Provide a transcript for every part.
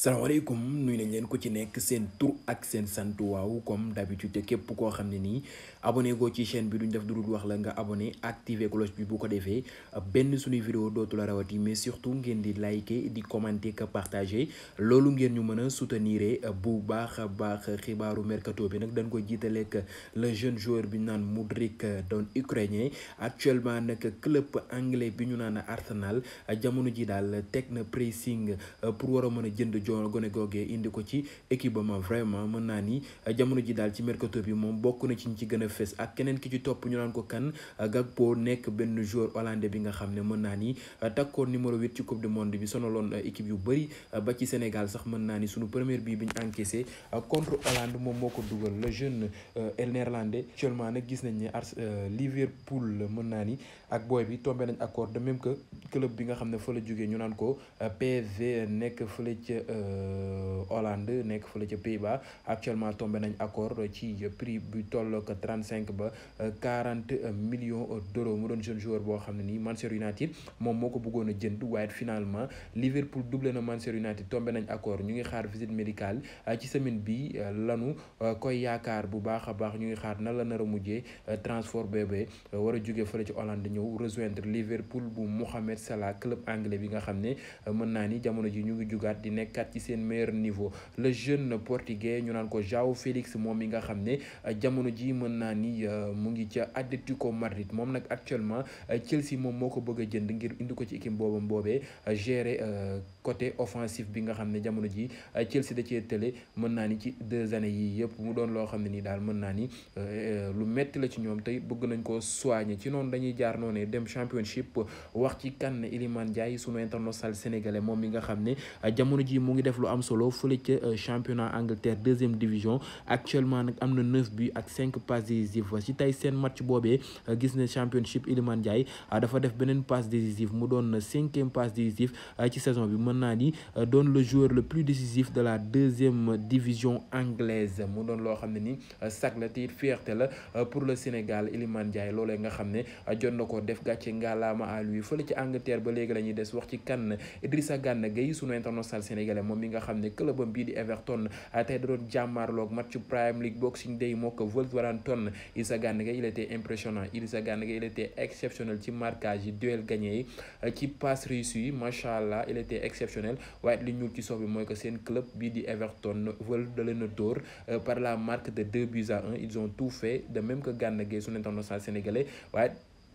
salaamaaleykum nuyu nañ leen ko ci nekk seen tur ak seen sant waaw comme d'habitude képp koo xam ne nii abonné goo ci chaîne bi duñ def dudul wax la nga abonné activer cloche bi bu ko defee benn suñuy vidéo dootu rawati mais surtout ngeen di liker di commenter que partager loolu ngeen ñu mën a soutenir bu baax baax xibaaru mercato bi nag dañ ko jiitaleek le jeune joueur bi ñu naan Mudryk doon ukrainien actuellement nag club anglais bi ñu naan Arsenal jamono ji daal teg na pressing pour war mën a jënd joo gone googee indi ko ci équipe am vraiment mën naa ni euh, jamono ji daal ci mercato bi moom bokk na ci ñi ci gën a fës ak keneen ki ci topp ñu naan ko kan euh, Gakpo nekk benn joueur hollandais bi nga xam ne mën naa ni euh, takkoon numéro 8 ci coupe du monde bi sonaloon équipe yu bëri ba ci Sénégal sax mën naa ni sunu première bi ñu encaissé contre Hollande moom moo ko dugal le jeune el néerlandais actuellement nag gis nañ ne Liverpool mën naa ni ak booy bi tombé nañ accord de même que club bi nga xam ne fa la Euh, Hollande nekk fële ca Pays-Bas actuellement tombé nañ accord ci prix bu toll ko trente cinq ba euh, quarante millions d'euros mu doon jeune joueur boo xam ne nii Manchester United moom moo ko bëggoon a jënd waaye finalement Liverpool doublé na Manchester United tombé nañ accord ñu ngi xaar visite médicale euh, ci semaine bi lanu koy yaakaar bu baax a baax ñu ngi xaar na la nar a mujjee transport bébé war a jóge fële ci Hollande ñëw rejoindre Liverpool bu Mohamed Salah club anglais bi nga xam ne nekkaat ci seen meilleur niveau le jeune portugais ñu naan ko João Félix moom mi nga xam ne jamono ji mën naa ni euh, mu ngi ca Atlético Madrid moom nag actuellement euh, Chelsea moom moo ko bëgg a jënd ngir indi ko ci équipe boobam boobee euh, gérer côté offensif bi nga xam ne jamono ji Chelsea da cee tële mën naa ni ci deux années yii yëpp mu doon loo xam ne nii daal mën naa ni lu metti la ci ñoom tey bëgg nañ ko soigner ci noonu dañuy jaar noonu dem championship wax ci kan Iliman Ndiaye sunu sal sénégalais moom mi nga xam ne jamono ji mu ngi def lu am solo fële ca euh, championnat Angleterre deuxième division actuellement nag am na neuf buts ak ci tey seen match boobee euh, gis ne championship Iliman Ndiaye euh, dafa def beneen passe décisive mu doon cinquième passe décisive ci saison bi mën naa ni doon le joueur le plus décisif de la deuxième division anglaise mu doon loo xam ne ni sac la tiit fierté la pour le Sénégal Iliman Ndiaye loolee nga xam ne jot na ko def gàcce ngalaama à fële moom mi nga xam ne clubam bii di Everton ah, tey da doon jàmmaarloog match Premier League Boxing Day moo ko Wolverhampton Idrissa Gana Gueye il était impressionnant Idrissa Gana Gueye il était exceptionnel ci marquage yi duel gagné yi ah, ci passe réussie yi macha allah il était exceptionnel waaye li ñuul ci sox bi mooy que seen club bii di Everton vël da leen a ah, par la marque de deux buts à un ils ont tout fait de même que Gana Gueye suñu international sénégalais waaye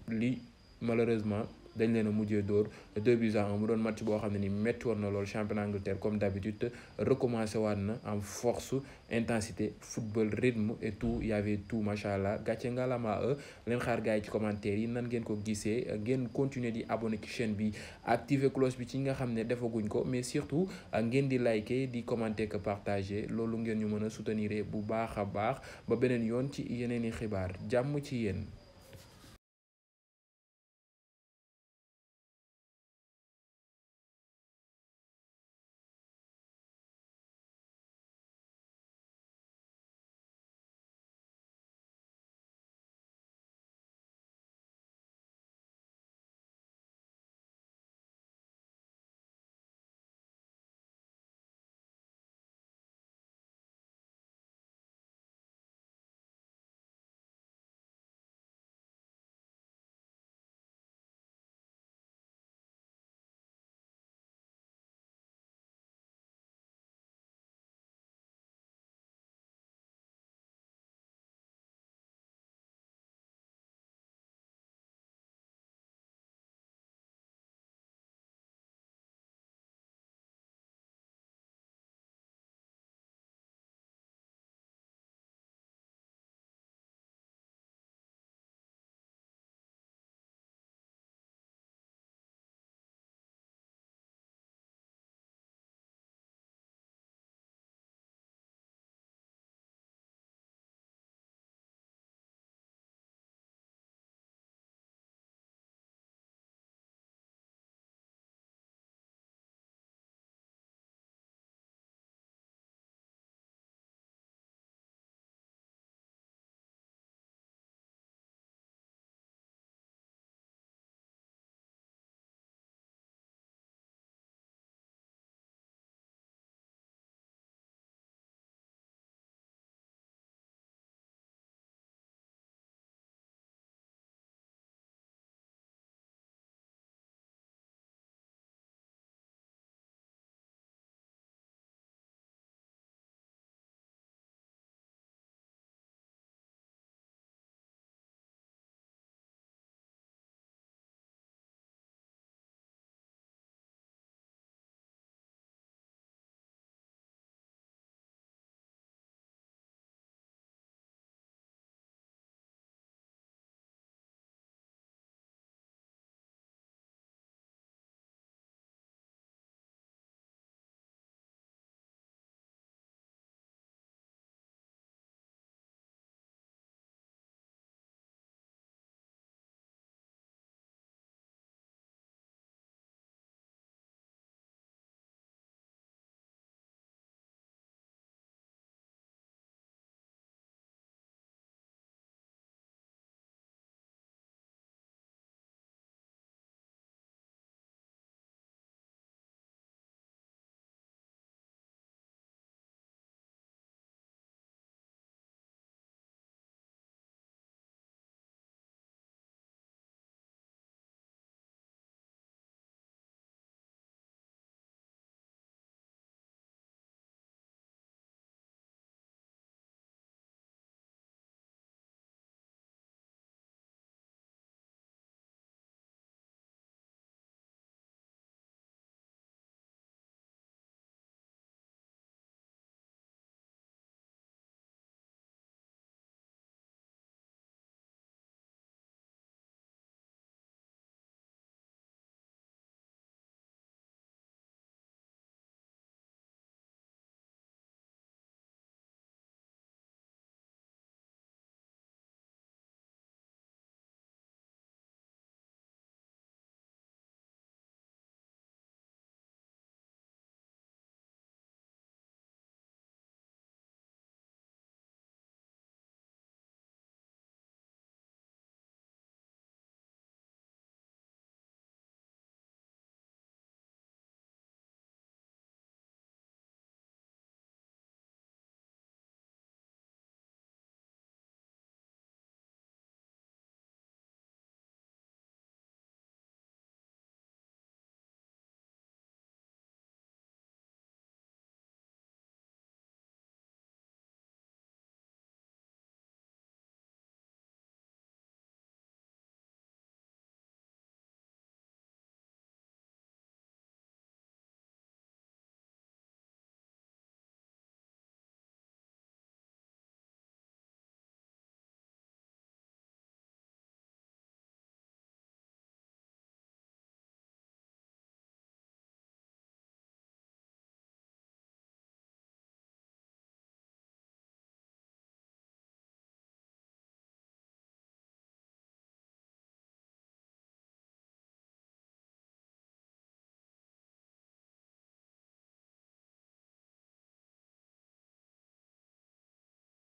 li malheureusement dañu leen a mujjee dóor deux buts à mu doon match boo xam ne ni métti woon na lool championnat Angleterre comme d'habitude recommencé waat na en force intensité football rythme et tout y avait tout macha allah gàcce ngalama euh, leen xaar gars yi ci commentaire yi nan ngeen ko gisee euh, ngeen continuer di abonné ci chaîne bi activer cloche bi ci nga xam ne defaguñ ko mais surtout euh, ngeen di liker di commenter ko partager loolu ngeen ñu mën a soutenir bu baax a baax ba beneen yoon ci yeneen i xibaar jàmm ci yéen